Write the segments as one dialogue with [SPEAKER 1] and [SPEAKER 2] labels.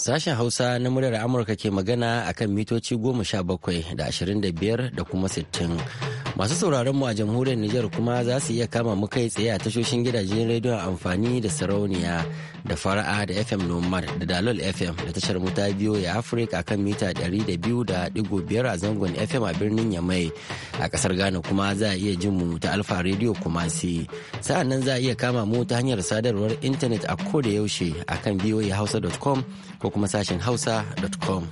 [SPEAKER 1] Sashen Hausa na muryar Amurka ke magana a kan mitoci goma sha bakwai da ashirin da biyar da kuma sittin. Masu sauraron mu a jamhuriyar Nijar kuma za su iya kama mu kai tsaye a tashoshin gidajen rediyon amfani da sarauniya da fara'a da FM Nomad da Dalol FM da tashar mu ta biyo ya Afirka a kan mita ɗari da biyu da ɗigo biyar a zangon FM a birnin Yamai. A ƙasar Ghana kuma za a iya jin mu ta Alfa Radio Kumasi. Sa'an nan za a iya kama mu ta hanyar sadarwar intanet a kodayaushe yaushe a kan voahausa.com ko kuma sashen hausa.com.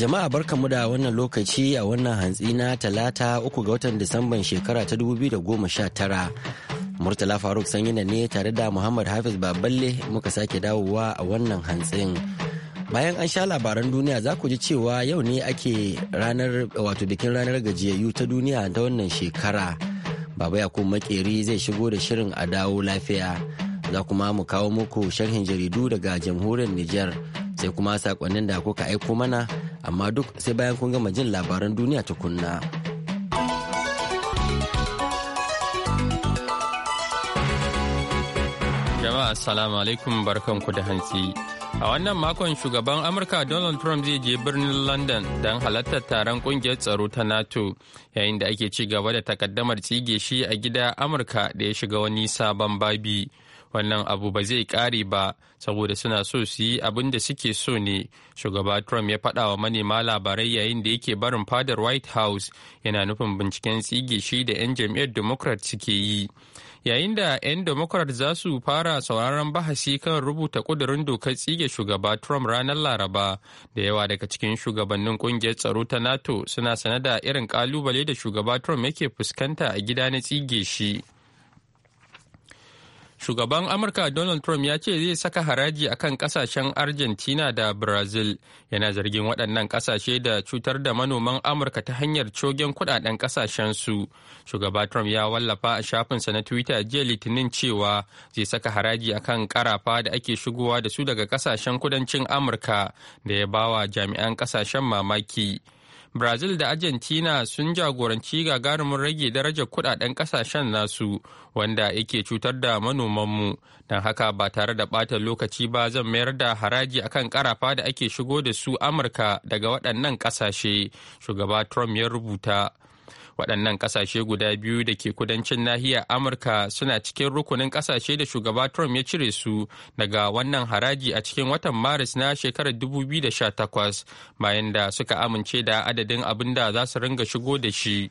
[SPEAKER 1] Jama'a barkanmu da wannan lokaci a wannan hantsi na talata uku ga watan Disamban shekara ta 2019. Murtala Faruk sanyina ne tare da Muhammad Hafiz Baballe muka sake dawowa a wannan hantsin. Bayan an sha labaran duniya za ku ji cewa yau ne ake ranar wato bikin ranar gajiyayyu ta duniya ta wannan shekara. Baba Yakubu Makeri zai shigo da shirin a dawo lafiya. Za kuma mu kawo muku sharhin jaridu daga jamhuriyar Nijar sai kuma sakonnin da kuka aiko mana amma duk sai bayan kun gama jin labaran duniya tukunna.
[SPEAKER 2] Jama'a assalamu alaikum barkanku da hantsi. A wannan makon shugaban Amurka Donald Trump zai je birnin London don halartar taron kungiyar tsaro ta NATO yayin da ake ci gaba da takaddamar tsige shi a gida Amurka da ya shiga wani sabon babi. Wannan abu ba zai kare ba saboda suna so su yi abin da suke so ne. Shugaba Trump ya faɗa wa manema labarai yayin da yake barin fadar White House yana nufin binciken tsige shi da 'yan jam'iyyar Democrat suke yi. yayin da 'yan democrat za su fara sauraron bahasi kan rubuta kudurin dokar tsige shugaba trump ranar laraba da yawa daga cikin shugabannin kungiyar tsaro ta nato suna sanada irin kalubale da shugaba trump yake fuskanta a gida na tsige shi Shugaban Amurka Donald Trump ya ce zai saka haraji akan kasashen Argentina da Brazil yana zargin waɗannan ƙasashe da cutar da manoman Amurka ta hanyar cogen kudaden su Shugaba Trump ya wallafa a shafinsa na Twitter jiya Litinin cewa zai saka haraji akan ƙarafa da ake shigowa da su daga ƙasashen kudancin Amurka da ya bawa jami'an ƙasashen mamaki. Brazil da Argentina sun jagoranci gagarumin rage darajar kudaden kasashen nasu wanda yake cutar da manomanmu don haka ba tare da bata lokaci ba zan mayar da haraji akan karafa da ake shigo da su Amurka daga waɗannan ƙasashe, shugaba Trump ya rubuta. waɗannan ƙasashe guda biyu da ke kudancin nahiyar amurka suna cikin rukunin ƙasashe da shugaba trump ya cire su daga wannan haraji a cikin watan maris na shekarar 2018 bayan da suka amince da adadin abin da za su ringa shigo da shi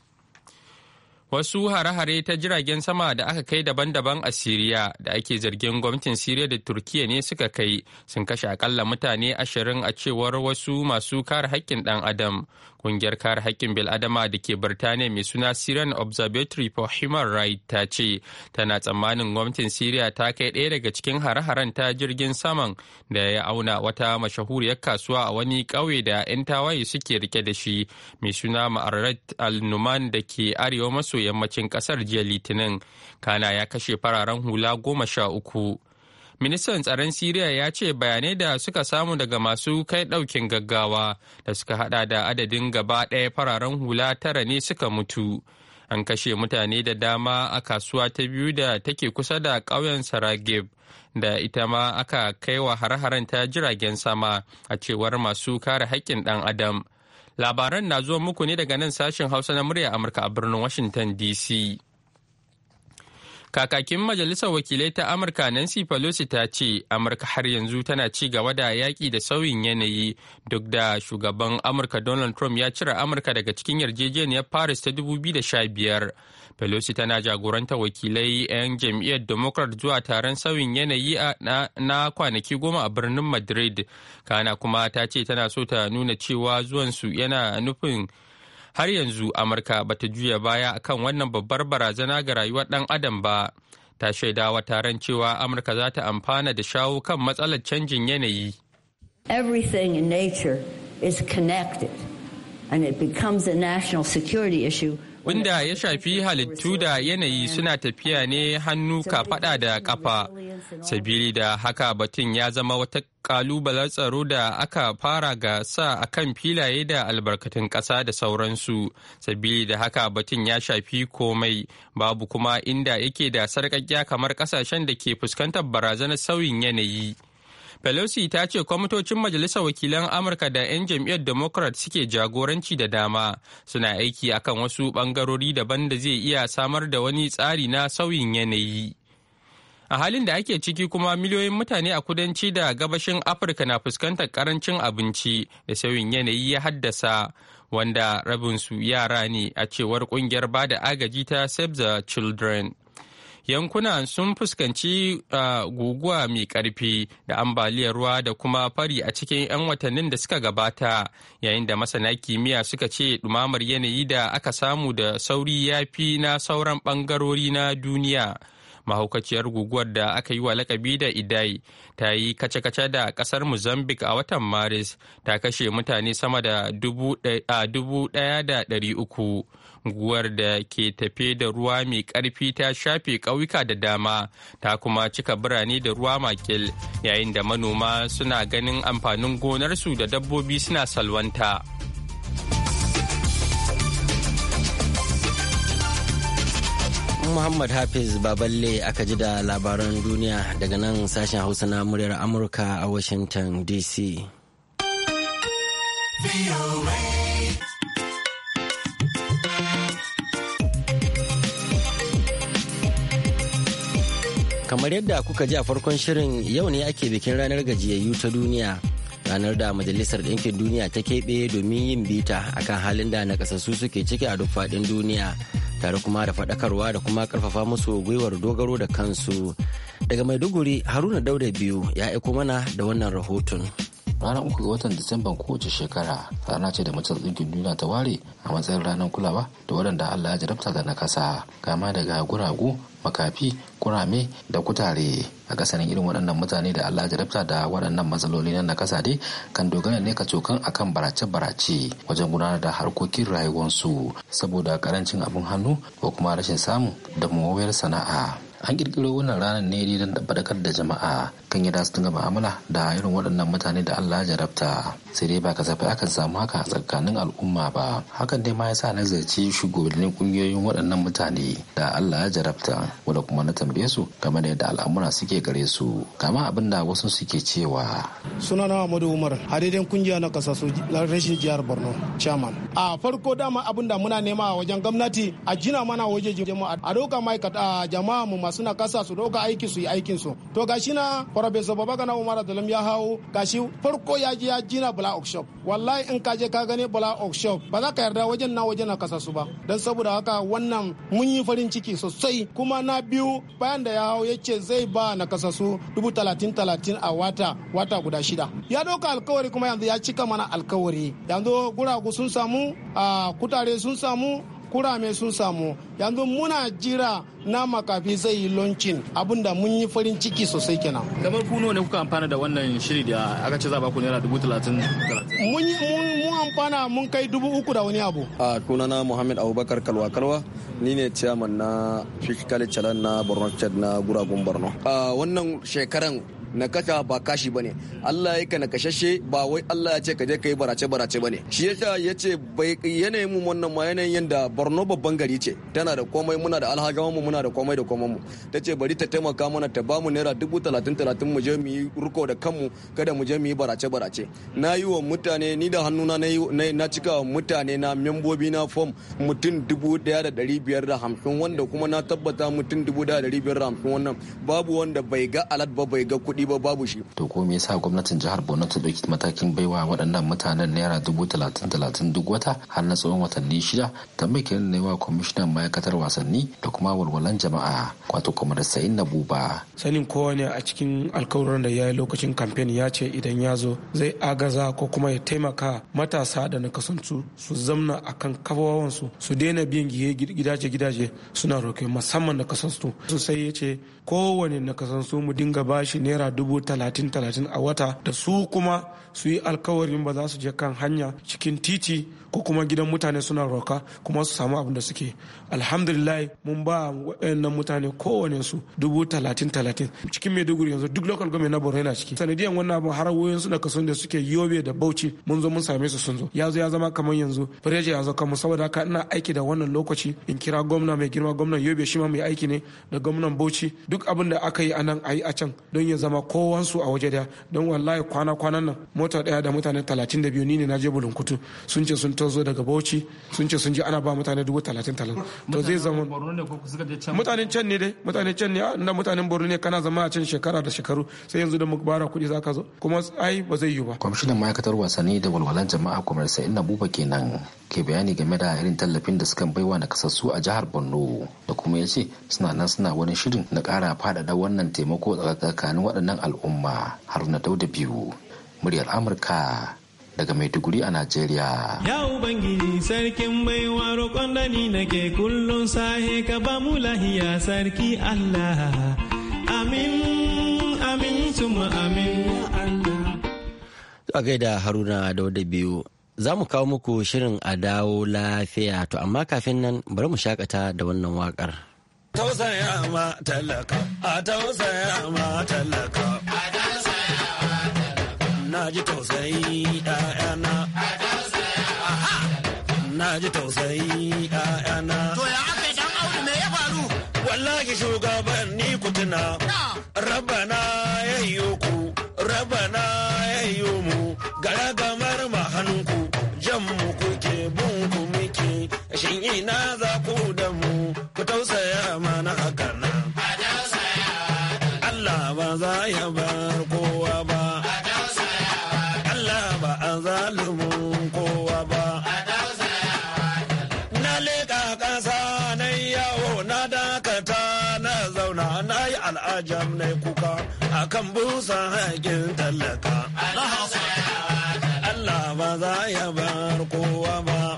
[SPEAKER 2] wasu hare-hare ta jiragen sama da aka kai daban-daban a siriya da ake zargin gwamnatin siriya da turkiya ne suka kai sun kashe akalla mutane ashirin a cewar wasu masu kare haƙƙin ɗan adam Kungiyar kare haƙƙin bil'adama da ke Birtaniya mai suna Syrian Observatory for Human Rights ta ce tana tsammanin gwamnatin Syria ta kai ɗaya daga cikin hare-haren ta jirgin saman da ya auna wata mashahuriyar kasuwa a wani ƙauye da 'yan tawaye suke rike da shi mai suna Ma'arat Al-Numan da ke arewa maso yammacin ƙasar jiya Litinin. Kana ya kashe fararen hula goma sha uku. ministan tsaron siriya ya ce bayanai da suka samu daga masu kai ɗaukin gaggawa da suka hada da adadin gaba ɗaya fararen hula tara ne suka mutu an kashe mutane da dama a kasuwa ta biyu da take kusa da ƙauyen saragib da ita ma aka kai wa har-haren ta jiragen sama a cewar masu kare haƙƙin ɗan adam labaran na zuwa muku ne daga nan sashen hausa na murya amurka a birnin washington dc Kakakin Majalisar Wakilai ta Amurka Nancy Pelosi ta ce Amurka har yanzu tana ci gaba da yaƙi da sauyin yanayi duk da shugaban Amurka Donald Trump ya cire Amurka daga cikin yarjejeniyar Paris ta 2015. Pelosi tana jagoranta wakilai 'yan jam'iyyar Democrat zuwa taron sauyin yanayi na, na kwanaki goma a birnin Madrid. Kana kuma ta ce tana so ta nuna cewa zuwansu yana nufin har yanzu amurka ba ta juya baya akan wannan babbar barazana ga rayuwar ɗan adam ba ta shaidawa taron cewa amurka za ta amfana da shawo kan matsalar canjin yanayi everything in is connected and it becomes a national security issue wanda ya shafi halittu da yanayi suna tafiya ne hannu kafaɗa da kafa sabili da haka batun ya zama wata kalubalar tsaro da aka fara ga sa a kan filaye da albarkatun ƙasa da sauransu sabili da haka batun ya shafi komai babu kuma inda yake da sarkakkiya kamar ƙasashen da ke fuskantar barazanar sauyin yanayi pelosi ta ce kwamitocin majalisar wakilan amurka da 'yan jam'iyyar democrat suke jagoranci da dama suna aiki akan wasu bangarori daban da zai iya samar da wani tsari na sauyin yanayi a halin da ake ciki kuma miliyoyin mutane a kudanci da gabashin afirka na fuskantar karancin abinci da sauyin yanayi ya haddasa wanda rabinsu yara ne a cewar kungiyar da agaji ta save the children yankuna sun fuskanci guguwa mai karfi da ambaliyar ruwa da kuma fari a cikin 'yan watannin da suka gabata yayin da masana kimiyya suka ce dumamar yanayi da aka samu da sauri ya fi na sauran bangarori na duniya mahaukaciyar guguwar da aka yi wa lakabi da idai ta yi kace-kace da kasar mozambique a watan maris ta kashe mutane sama da dubu daya da dari uku guguwar da ke tafe da ruwa mai karfi ta shafe ƙauyuka da dama ta kuma cika birane da ruwa makil yayin da manoma suna ganin amfanin gonarsu da dabbobi suna salwanta.
[SPEAKER 1] Muhammad Hafiz Baballe aka ji da labaran duniya daga nan sashen Hausa na muryar Amurka a Washington DC. Kamar yadda kuka ji a farkon shirin yau ne ake bikin ranar gajiyayyu ta duniya. ranar da majalisar ɗinkin duniya ta keɓe domin yin bita akan halin da nakasassu suke ciki a duk faɗin duniya tare kuma da faɗakarwa da kuma ƙarfafa musu gwiwar dogaro da kansu daga maiduguri haruna dauda biyu ya aiko mana da wannan
[SPEAKER 3] rahoton. ranar uku ga watan disamban kowace shekara rana ce da majalisar ɗinkin duniya ta ware a matsayin ranar kulawa da waɗanda allah ya jarabta da nakasa kama daga guragu makafi kurame da kutare a kasarin irin waɗannan mutane da Allah ya jarabta da waɗannan matsaloli na nakasa dai kan dogara ne ka cokan akan barace-barace wajen gudanar da harkokin rayuwarsu saboda karancin abin hannu ko kuma rashin samu da mawayar sana'a an kirkiro wannan ranar ne don tabbatar da jama'a kan yadda su dinga mu'amala da irin waɗannan mutane da Allah ya jarabta sai dai ba kasafai akan samu haka a tsakanin al'umma ba hakan dai ma yasa nazarci shugabannin kungiyoyin waɗannan mutane da Allah ya jarabta wanda kuma na tambaye su game da yadda al'amura suke gare su kama abin da wasu suke cewa
[SPEAKER 4] sunana Ahmadu Umar daidai kungiya na kasa rashin jihar Borno chairman a farko dama abin da muna nema a wajen gwamnati a jina mana waje jama'a a doka ma'aikata jama'a mu masu suna kasa su dauka aiki su yi aikin su to gashi na babaga na umar adalam ya hawo gashi farko ya ji ya jina bala workshop wallahi in ka je ka gane bala workshop ba za ka yarda wajen na wajen na kasa su ba dan saboda haka wannan mun yi farin ciki sosai kuma na biyu bayan da ya hawo ya ce zai ba na kasa su dubu talatin talatin a wata wata guda shida ya dauka alkawari kuma yanzu ya cika mana alkawari yanzu guragu sun samu a kutare sun samu kurame sun samu yanzu muna jira na makafi zai yi launching abinda mun yi farin ciki sosai kenan
[SPEAKER 3] kamar kuno ne kuka amfana da wannan shiri da aka ce za ba ku naira dubu talatin
[SPEAKER 4] mun amfana mun kai dubu uku da wani abu
[SPEAKER 3] a tunana muhammad abubakar kalwa kalwa ni ne ciyaman na fiskali calan na borno na guragun borno a wannan shekaran nakasa ba kashi bane Allah ya ka nakashashe ba wai Allah ya ce ka je kai barace barace bane shi yasa yace bai yanayin mu wannan ma yanayin yanda Borno babban gari ce tana da komai muna da alhagawan mu muna da komai da komai mu tace bari ta taimaka mana ta bamu naira dubu talatin talatin mu je mu yi ruko da kanmu kada mu je mu yi barace barace na yi wa mutane ni da hannuna na na cika wa mutane na membobi na form mutum dubu daya da dari biyar da hamsin wanda kuma na tabbata mutum dubu daya da dari biyar da hamsin wannan babu wanda bai ga alat ba bai ga kuɗi ba babu shi. To ko me yasa gwamnatin jihar Borno ta dauki matakin baiwa waɗannan mutanen naira dubu talatin talatin duk wata har na tsawon watanni shida ta mai kiran ne wa kwamishinan ma'aikatar wasanni da kuma walwalan jama'a wato kuma da na buba.
[SPEAKER 5] Sanin kowane a cikin alkawuran da ya yi lokacin kamfen ya ce idan ya zo zai agaza ko kuma ya taimaka matasa da nakasantu su zamna a kan kafawawansu su daina biyan gidaje-gidaje suna roƙe musamman nakasantu. Sosai ya ce kowane nakasantu mu dinga bashi naira dubu talatin talatin a wata da su kuma su yi alkawarin ba za su je kan hanya cikin titi ko kuma gidan mutane suna roka kuma su samu abin da suke alhamdulillah mun ba waɗannan mutane kowane su dubu talatin talatin cikin maiduguri yanzu duk local government na borno yana ciki sanadiyan wannan abin har wayoyin suna kaso da suke yobe da bauchi mun zo mun same su sun zo ya zo ya zama kamar yanzu fireje ya zo kamar saboda haka ina aiki da wannan lokaci in kira gwamna mai girma gwamnan yobe shi ma mai aiki ne da gwamnan bauchi duk abin da aka yi a nan a yi a can don ya zama kowansu a waje daya don wallahi kwana kwanan nan mota daya da mutane talatin da biyu ni ne na je bulunkutu sun ce sun sun zo daga bauchi sun ce sun ji ana ba mutane dubu talatin talatin to zai zama mutanen can ne dai mutanen can ne na mutanen borno ne kana zama a can shekara da shekaru sai yanzu da bara kuɗi za ka zo kuma ai ba zai yiwu ba
[SPEAKER 3] kwamishinan ma'aikatar wasanni da walwalan jama'a kwamar sa'in buba kenan ke bayani game da irin tallafin da sukan baiwa na kasassu a jihar borno da kuma ya ce suna nan suna wani shirin na ƙara faɗaɗa wannan taimako tsakanin waɗannan al'umma haruna dauda biyu muryar amurka daga Maiduguri a Najeriya.
[SPEAKER 6] Ya Ubangiji sarkin baiwa roƙon dani nake kullum sahe ka ba mu lahiya sarki Allah. Amin, amin, tuma amin Allah.
[SPEAKER 1] A gaida Haruna da wada biyu. Za mu kawo muku shirin a dawo lafiya to amma kafin nan bari mu shakata da wannan waƙar.
[SPEAKER 6] Tausaya ma talaka, a tausaya ma talaka. na ji tausayi ɗayana. Na ji tausayi ɗayana. To
[SPEAKER 4] ya aka dan audu me ya faru?
[SPEAKER 6] Wallahi ni ku tuna. Rabana ya yi ku, rabana ya yi mu, garagamar mahanku, jan mu kuke bin ku muke, shin ina za ku da mu, ku tausaya mana hakan. Allah ba za ya A kan busa haƙin tallaka. Allah ba za ya bar kowa ba.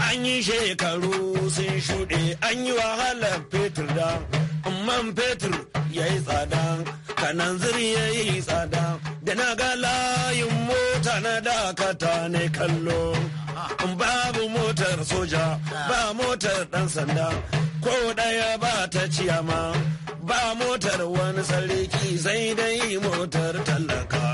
[SPEAKER 6] An yi shekaru sun shuɗe an yi wahalar fetur da man fetur ya yi tsada kanan ziri ya yi tsada da na ga layin mota na dakata ne kallo. Babu motar soja ba motar ɗan sanda ko ɗaya ba ta ciyama. ba motar wani sarki sai dai motar tallaka.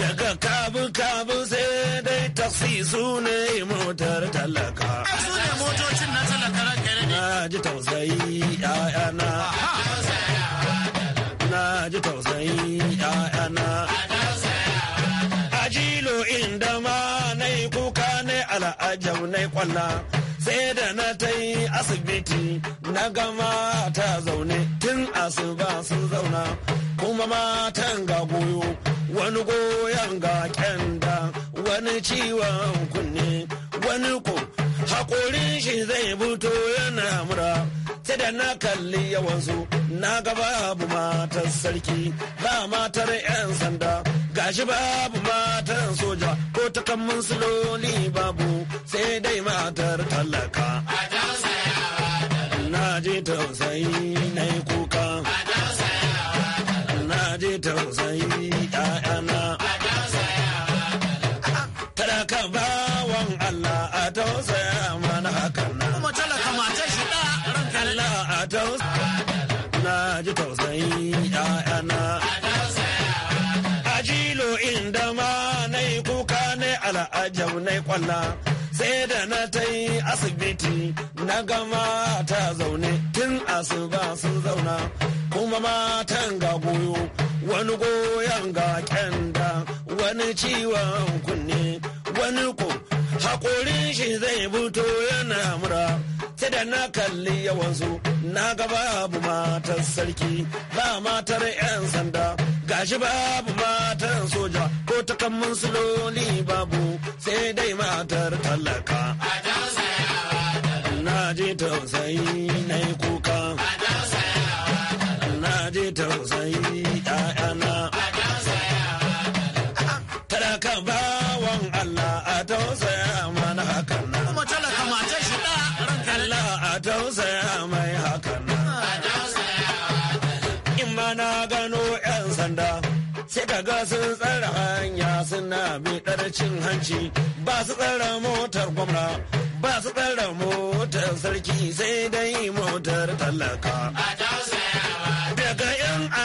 [SPEAKER 6] Daga Kabu Kabu sai dai taksi su ne motar tallaka.
[SPEAKER 4] Su ne motocin na tallaka ranka
[SPEAKER 6] Na ji tausayi ‘ya'yana. Na ji tausayi ‘ya'yana. Ajilo inda ma na yi kuka na al'ajab na yi kwalla. sai da na ta yi asibiti na gama ta zaune tun asuba sun zauna kuma matan ga goyo wani goyon ga kyanda wani ciwon kunne wani ko hakorin shi zai buto yana mura sai da na kalli yawansu na ga babu matan sarki ba matar 'yan sanda gashi babu matan soja ko takamman suloli babu sai dai matar talaka na je tausayi na yi kuka na je tausayi na ji tausayin ‘ya'yana. Ajilo inda ma na yi kuka na al'ajau na kwalla. Sai da na ta yi asibiti na gama ta zaune tun asuba sun zauna. Kuma matan ga goyo, wani goyon ga kyanda, wani ciwon kunne, wani ko haƙorin shi zai buto yana mura sai da na kalli yawansu na ga babu matar sarki ba matar 'yan sanda gashi babu matar soja ko takamman suloli babu sai dai matar talaka na je tausayi na yi kuka na je tausayi 'ya'yana sanda sai kaga sun tsara hanya suna miƙar cin hanci ba su tsara motar gwamna ba su tsara motar sarki sai dai motar talaka daga yan a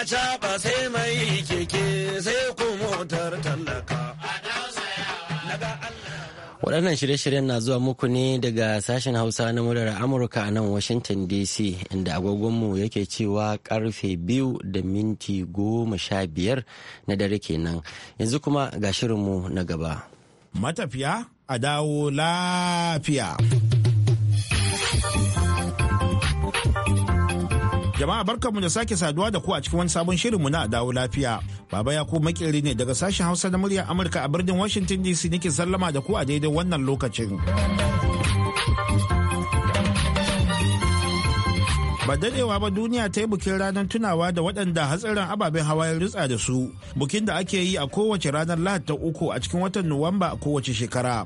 [SPEAKER 6] sai mai keke sai
[SPEAKER 1] waɗannan shirye-shiryen na zuwa muku ne daga sashen hausa na murar amurka a nan washington dc inda agogonmu yake cewa karfe biyu da minti goma sha biyar na dare kenan yanzu kuma ga shirinmu na gaba
[SPEAKER 7] matafiya a dawo lafiya Jama'a mu da sake saduwa da ku a cikin wani sabon shirin mu na dawo lafiya. Baba Yakub makeri ne daga sashen Hausa na muryar Amurka a birnin Washington DC nake sallama da ku a daidai wannan lokacin. ba dadewa ba duniya ta yi bukin ranar tunawa da waɗanda hatsarin ababen hawa ya rutsa da su bukin da ake yi a kowace ranar lahad ta uku a cikin watan nuwamba a kowace shekara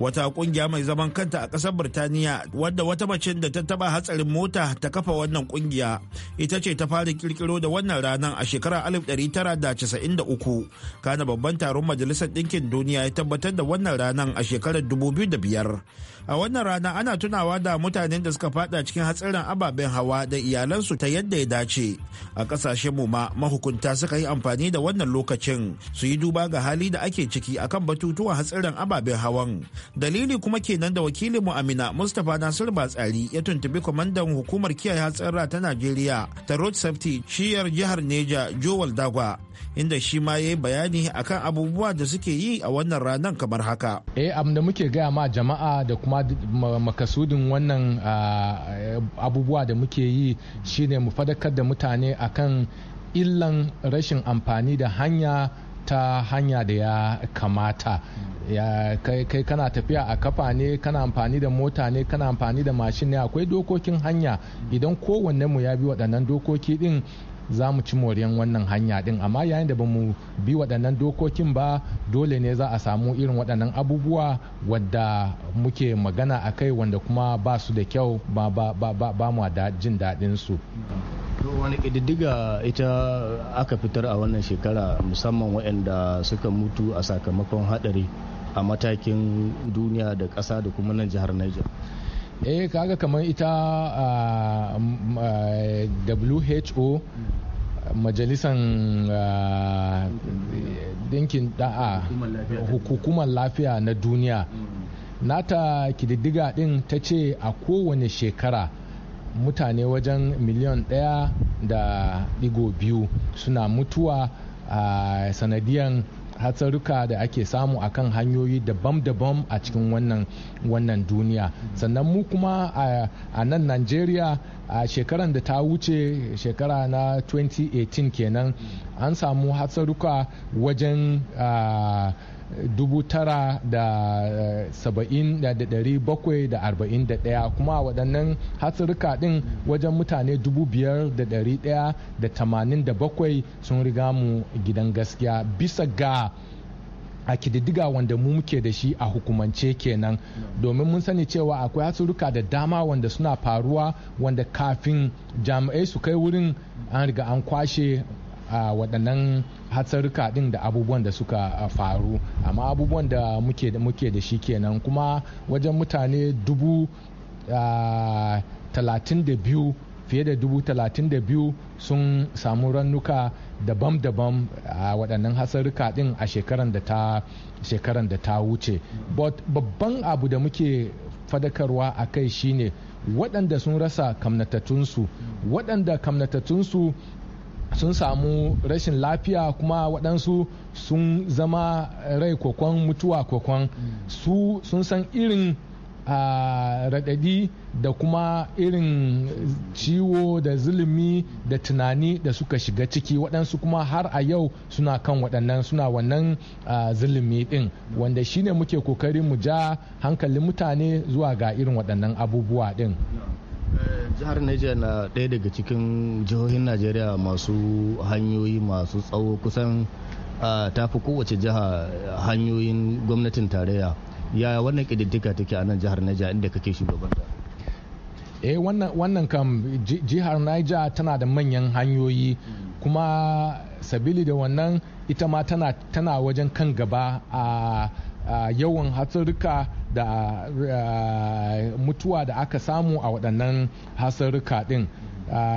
[SPEAKER 7] wata kungiya mai zaman kanta a ƙasar Birtaniya wadda wata mace da ta taba hatsarin mota ta kafa wannan kungiya ita ce ta fara kirkiro da wannan ranar a shekarar 1993 kana babban taron majalisar ɗinkin duniya ya tabbatar da wannan ranar a shekarar 2005 a wannan rana ana tunawa da mutanen da suka fada cikin hatsarin ababen hawa da iyalansu ta yadda ya dace a ƙasashen mu ma mahukunta suka yi amfani da wannan lokacin su yi duba ga hali da ake ciki akan batutuwan hatsarin ababen hawan dalili kuma kenan da wakilin mu amina mustapha nasir batsari ya tuntubi kwamandan hukumar kiyaye hatsarra ta najeriya ta road safety ciyar jihar neja jowal dagwa inda shi ma ya yi bayani akan abubuwa da suke yi a wannan ranar kamar haka
[SPEAKER 8] eh abin da muke gaya ma jama'a da kuma makasudin wannan abubuwa da muke yi shine mu fadakar da mutane akan illan rashin amfani da hanya ta hanya da ya kamata ya kai kai kana tafiya a kafa ne kana amfani da mota ne kana amfani da mashin ne akwai dokokin hanya idan kowanne mu ya bi waɗannan dokoki din za mu ci moriyan wannan hanya din amma yayin da ba mu bi waɗannan dokokin ba dole ne za a samu irin waɗannan abubuwa wadda muke magana a kai wanda kuma ba su da kyau ba ba ba jin daɗin su
[SPEAKER 9] wani ƙididdiga ita aka fitar a wannan shekara musamman waɗanda suka mutu a sakamakon haɗari a matakin
[SPEAKER 8] duniya da ƙasa da kuma nan jihar niger eh kaga kamar ita who majalisan dinkin da'a hukumar lafiya na duniya nata kididdiga din ta ce a kowane shekara mutane wajen miliyan ɗaya da digo biyu suna mutuwa a sanadiyan hatsaruka da ake samu a kan hanyoyi daban-daban a cikin wannan duniya sannan mu kuma a nan najeriya a shekaran da ta wuce shekara na 2018 kenan an samu hatsaruka wajen uh, 1971 eh, kuma waɗannan hatsirika ɗin wajen mutane 5,187 sun riga mu gidan gaskiya bisa ga a kididdiga wanda mu muke da shi a hukumance kenan domin mun sani cewa akwai hatsuruka da dama wanda suna faruwa wanda kafin jami'ai su kai wurin an riga an kwashe a waɗannan hatsarika ɗin da abubuwan da suka faru amma abubuwan da muke da shi kenan kuma wajen mutane dubu talatin da biyu fiye da dubu talatin da biyu sun samu rannuka daban-daban a waɗannan hasarika ɗin a shekaran da ta shekaran da ta wuce babban abu da muke fadakarwa a kai shine waɗanda sun rasa kamnatattunsu waɗanda kamnatattunsu sun samu rashin lafiya kuma waɗansu sun zama rai kwakwan mutuwa kwakwan su sun san irin raɗaɗi da kuma irin ciwo da zulumi da tunani da suka shiga ciki waɗansu kuma har a yau suna kan waɗannan suna wannan zulumi ɗin wanda shine muke kokari mu ja hankalin mutane zuwa ga irin waɗannan abubuwa ɗin.
[SPEAKER 3] Eh, jihar
[SPEAKER 9] Niger na ɗaya daga cikin jihohin Najeriya masu hanyoyi masu tsawo kusan ta fi kowace jiha hanyoyin gwamnatin tarayya. Yaya wannan ƙididdika take a nan jihar Niger inda kake ta.
[SPEAKER 8] Eh wannan kam jihar Niger tana da manyan hanyoyi kuma sabili da wannan ita ma tana wajen kan gaba a yawan hatsarruka da mutuwa da aka samu a waɗannan hatsarurruka ɗin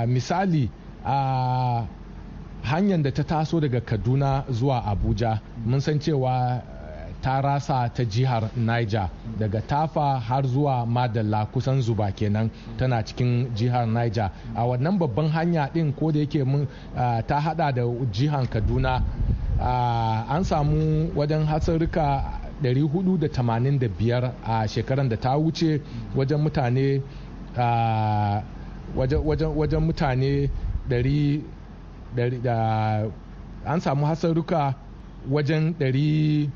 [SPEAKER 8] misali a hanyar da ta taso daga kaduna zuwa abuja mun san cewa eh, ta rasa ta jihar niger daga tafa har zuwa madalla kusan zuba kenan tana cikin jihar niger a wannan babban hanya ɗin ko da yake ta hada da jihar kaduna an samu wajen hatsarika 485 a shekaran da ta wuce wajen mutane a wajen mutane 100 an samu hasaruka wajen 400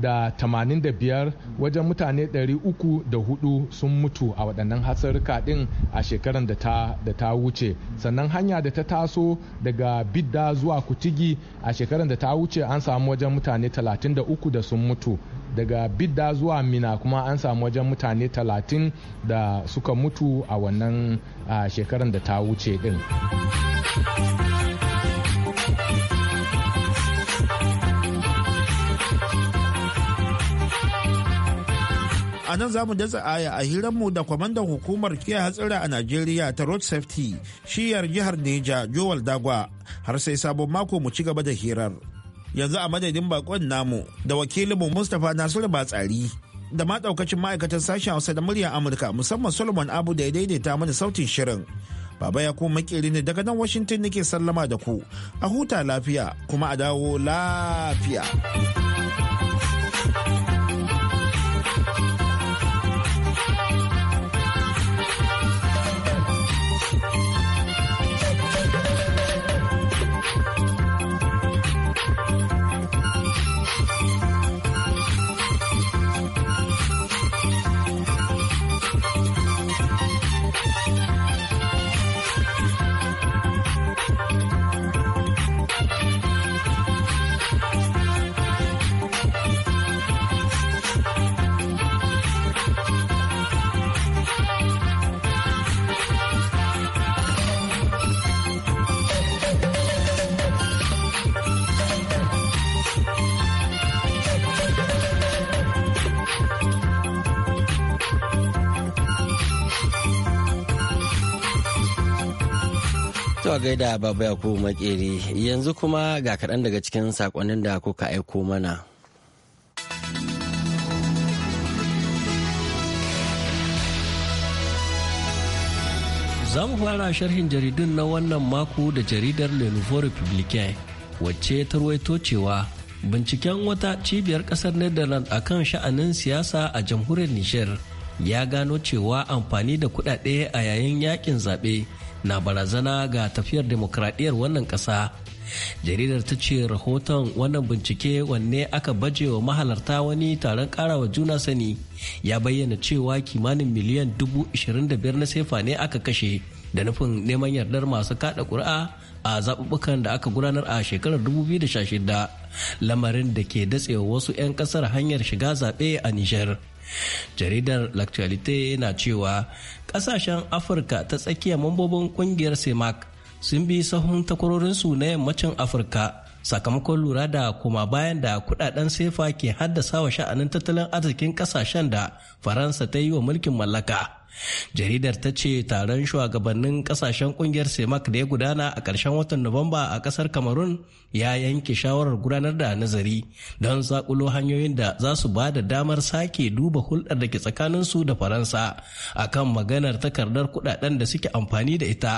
[SPEAKER 8] da 85 wajen mutane 304 sun mutu a waɗannan hatsarika ɗin a shekarar da ta wuce sannan hanya da ta taso daga bidda zuwa kutigi a shekarar da ta wuce an samu wajen mutane 33 da sun mutu daga bidda zuwa mina kuma an samu wajen mutane 30 da suka mutu a wannan shekarar da ta wuce ɗin.
[SPEAKER 7] a nan zamu dasa aya a hiranmu da kwamandan hukumar kiyaye hatsira a Najeriya ta road safety shiyar jihar Neja Joel Dagwa har sai sabon mako mu ci gaba da hirar. Yanzu a madadin bakon namu da wakilinmu Mustapha Nasiru Batsari da ma daukacin ma'aikatan sashen Hausa da muryar Amurka musamman Solomon Abu da ya daidaita mana sautin shirin. Baba ya kuma makeri ne daga nan Washington nake sallama da ku. A huta lafiya kuma a dawo lafiya.
[SPEAKER 1] a gaida baba yakubu makeri yanzu kuma ga kaɗan daga cikin sakonnin da kuka aiko mana.
[SPEAKER 9] Za mu fara sharhin jaridun na wannan mako da jaridar Le Nouveau Republicain wacce ta ruwaito cewa binciken wata cibiyar kasar Netherlands a kan sha'anin siyasa a jamhuriyar niger ya gano cewa amfani da kudade a yayin yakin zaɓe na barazana ga tafiyar demokradiyyar wannan ƙasa jaridar ta ce rahoton wannan bincike wanne aka baje wa mahalarta wani taron karawa juna sani ya bayyana cewa kimanin miliyan 25 na sefa ne aka kashe da nufin neman yardar masu kada ƙuri'a a zaɓuɓɓukan da aka gudanar a shekarar 2016 lamarin da ke datsewa wasu 'yan ƙasar hanyar shiga zaɓe a nijar. jaridar l'actualité na cewa kasashen afirka ta tsakiya mambobin kungiyar semac sun bi sahun takwarorinsu na yammacin afirka sakamakon lura da kuma bayan da kudaden sefa ke haddasa wa sha'anin tattalin arzikin kasashen da faransa ta yi wa mulkin mallaka jaridar ta ce taron shugabannin kasashen kungiyar semak da ya gudana a ƙarshen watan nuwamba a ƙasar cameroon ya yanke shawarar gudanar da nazari don zakulo hanyoyin da za su ba da damar sake duba hulɗar da ke tsakaninsu da faransa akan maganar takardar kudaden da suke amfani da ita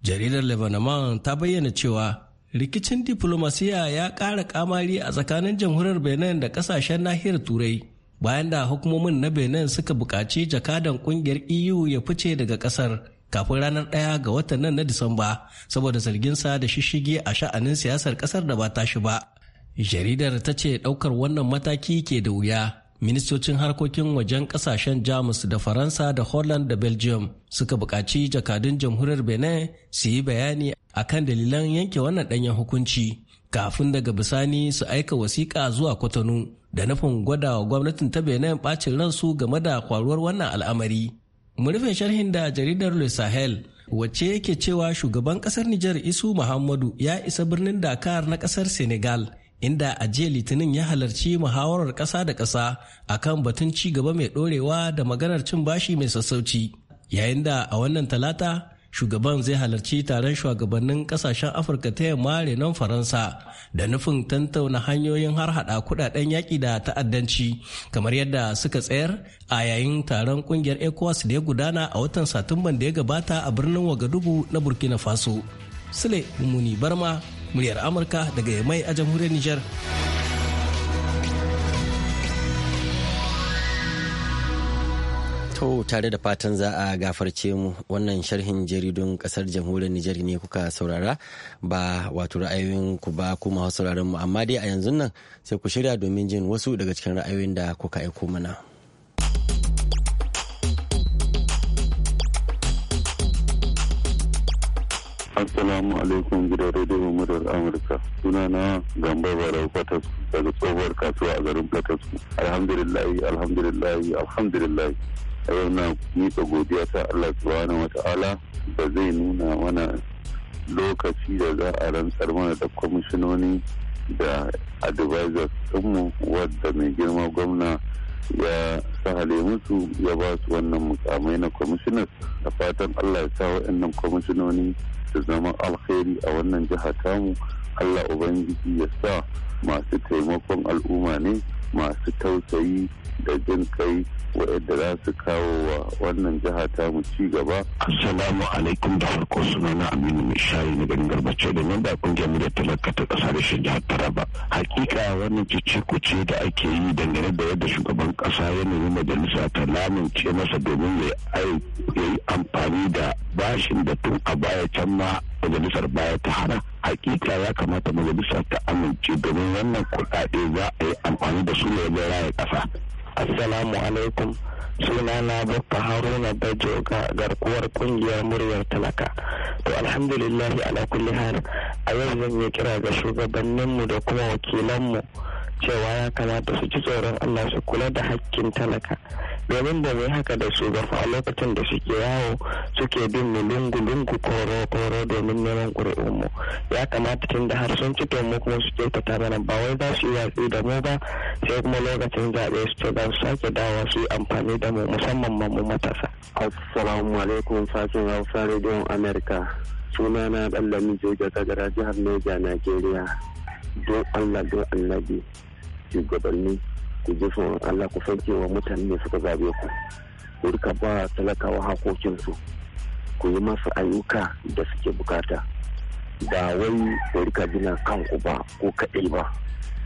[SPEAKER 9] jaridar lebanon ta bayyana cewa rikicin diflomasiya ya ƙara kamari a tsakanin jamhuriyar benin da ƙasashen nahiyar turai bayan da hukumomin na benin suka buƙaci jakadan ƙungiyar eu ya fice daga ƙasar kafin ranar ɗaya ga watan nan na disamba saboda zargin sa da shishige a sha'anin siyasar ƙasar da ba ta shi ba jaridar ta ce ɗaukar wannan mataki ke da wuya ministocin harkokin wajen ƙasashen jamus da faransa da holland da belgium suka buƙaci jakadun jamhuriyar benin su yi bayani akan dalilan yanke wannan ɗanyen hukunci kafin daga bisani su aika wasiƙa zuwa kwatano da nufin gwada wa gwamnatin ta benin bacin ransu game da kwaruwar wannan al'amari mu rufe sharhin da jaridar le sahel wacce yake cewa shugaban ƙasar nijar isu muhammadu ya isa birnin dakar na ƙasar senegal inda a jiya litinin ya halarci muhawarar ƙasa da ƙasa akan batun ci gaba mai ɗorewa da maganar cin bashi mai sassauci yayin da a wannan talata shugaban zai halarci taron shugabannin kasashen afirka ta yamma renon faransa da nufin tantauna hanyoyin har harhaɗa kudaden yaƙi da ta'addanci kamar yadda suka tsayar a yayin taron ƙungiyar ecowas da ya gudana a watan satumban da ya gabata a birnin wagadugu na burkina faso sule mummuni barma muryar amurka daga yamai a jamhuriyar niger
[SPEAKER 1] To tare da fatan za a gafarce mu wannan sharhin jaridun kasar jamhuriyar Nijar ne kuka saurara ba wato ra'ayoyin ku ba kuma sauraron mu amma dai a yanzu nan sai ku shirya domin jin wasu daga cikin ra'ayoyin da kuka aiko mana.
[SPEAKER 6] Assalamu alaikum gidan rediyo murar Amurka. Suna na Gambo Barau fatas daga tsohuwar kasuwa a garin Fatasku. Alhamdulillahi, alhamdulillahi, alhamdulillahi. yana yau na miƙa godiya ta Allah subhanahu ta'ala da zai nuna mana lokaci da za a rantsar mana da kwamishinoni da advisors ɗinmu wadda mai girma gwamna ya sahale musu ya ba su wannan mukamai na kwamishinas da fatan allah ya sa waɗannan kwamishinoni su zama alkhairi a wannan jiha tamu allah ubangiji ya sa masu taimakon al'umma ne masu tausayi da jin kai waɗanda za su kawo wa wannan jiha ta mu ci gaba. Assalamu alaikum da farko suna na Aminu Mai Shayi na garin Garbace da nan da kungiyar mu da talaka ta ƙasa da shan jihar Taraba. Hakika wannan cece kuce da ake yi dangane da yadda shugaban ƙasa ya nemi majalisa ta lamince masa domin ya yi amfani da bashin da tun a baya can ma majalisar baya ta hana hakika ya kamata majalisar ta amince domin wannan kuɗaɗe za a yi amfani da su ne raya ƙasa. Assalamu alaikum suna sunana Baffa Haruna dajo ga garkuwar kungiyar muryar talaka. To alhamdulillahi ala kulli hal a yau zan yi kira ga shugabanninmu da kuma wakilanmu. cewa ya kamata su ci tsoron Allah su kula da hakkin talaka domin da mai haka da su ga a lokacin da suke yawo suke bin mu lungu-lungu koro-koro domin neman ƙuri'un mu ya kamata tun da har sun ci mu kuma su kyautata mana ba wai za su yi watsi da mu ba sai kuma lokacin zaɓe su ta su sake dawa su yi amfani da mu musamman ma mu matasa. Assalamu alaikum sashen Hausa
[SPEAKER 9] Radio America. Sunana Ɗan Lamijo daga jihar Neja, nigeria Don Allah don Annabi. shugabanni ku ji sun Allah ku san
[SPEAKER 6] cewa mutane ne suka zabe ku ku rika ba talakawa hakokinsu ku yi masu ayyuka da suke bukata ba wai ku rika gina kanku ba ko kaɗai ba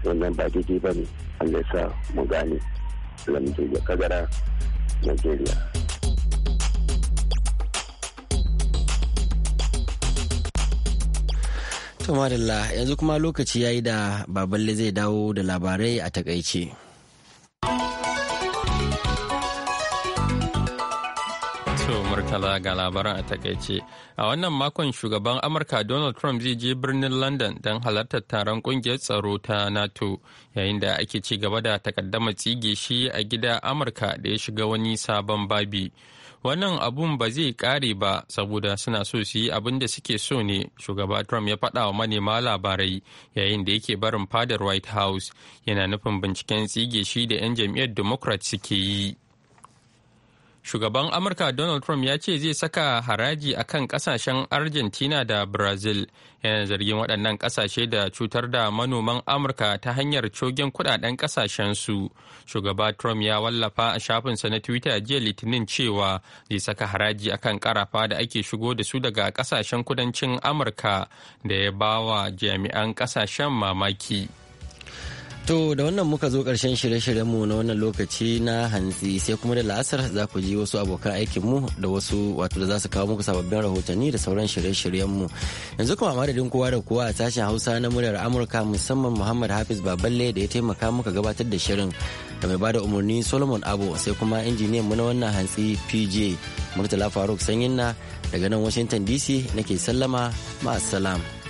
[SPEAKER 6] wannan ba daidai ba ne Allah ya sa mu gane Lamdu ya kagara nigeria.
[SPEAKER 1] Tumadalla yanzu kuma lokaci ya yi da baballe zai dawo da labarai a takaice.
[SPEAKER 2] Murtala ga labaran a takaice. A wannan makon shugaban Amurka Donald Trump zai je birnin London don halartar taron kungiyar tsaro ta NATO yayin da ake ci gaba da takaddama tsige shi a gida Amurka da ya shiga wani sabon babi. wannan abun ba zai kare ba saboda suna so su yi abin da suke so ne shugaba trump ya faɗa wa manema labarai yayin da yake barin fadar white house yana nufin binciken tsige shi da 'yan jam'iyyar democrat suke yi Shugaban Amurka Donald Trump ya ce zai saka haraji a kan kasashen Argentina da Brazil yana zargin waɗannan ƙasashe da cutar da manoman Amurka ta hanyar cogen kuɗaɗen su Shugaba Trump ya wallafa a shafinsa na Twitter jiya Litinin cewa zai saka haraji akan kan ƙarafa da ake shigo da su daga ƙasashen kudancin Amurka da ya bawa jami'an ƙasashen mamaki.
[SPEAKER 1] To da wannan muka zo karshen shirye-shiryenmu na wannan lokaci na hantsi sai kuma da la'asar za ku ji wasu abokan aikinmu da wasu wato da za su kawo muku sababbin rahotanni da sauran shirye-shiryenmu. Yanzu kuma madadin kowa da kowa a tashin Hausa na muryar Amurka musamman Muhammad Hafiz Baballe da ya taimaka muka gabatar da shirin da mai bada umarni Solomon Abo sai kuma injiniyan mu na wannan hantsi PJ Murtala Faruk Sanyin na daga nan Washington DC nake sallama ma'assalam.